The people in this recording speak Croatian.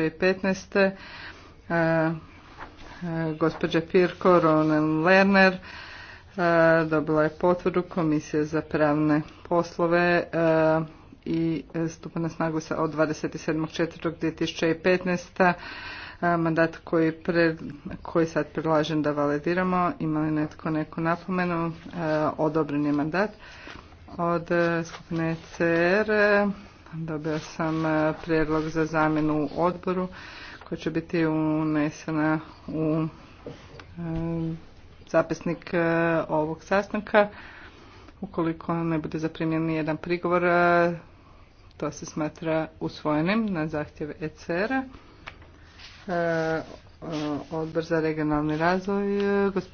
2015. E, e, gospođa Pirko Ronen Lerner e, dobila je potvrdu Komisije za pravne poslove i stupa na snagu sa od 27.4.2015. Mandat koji, pred, koji sad predlažem da validiramo, ima li netko neku napomenu, odobren je mandat od skupine CR dobila sam e, prijedlog za zamjenu u odboru koja će biti unesena u e, zapisnik e, ovog sastanka. Ukoliko ne bude zaprimljen jedan prigovor, to se smatra usvojenim na zahtjev ECR-a. Odbor za regionalni razvoj, gospodin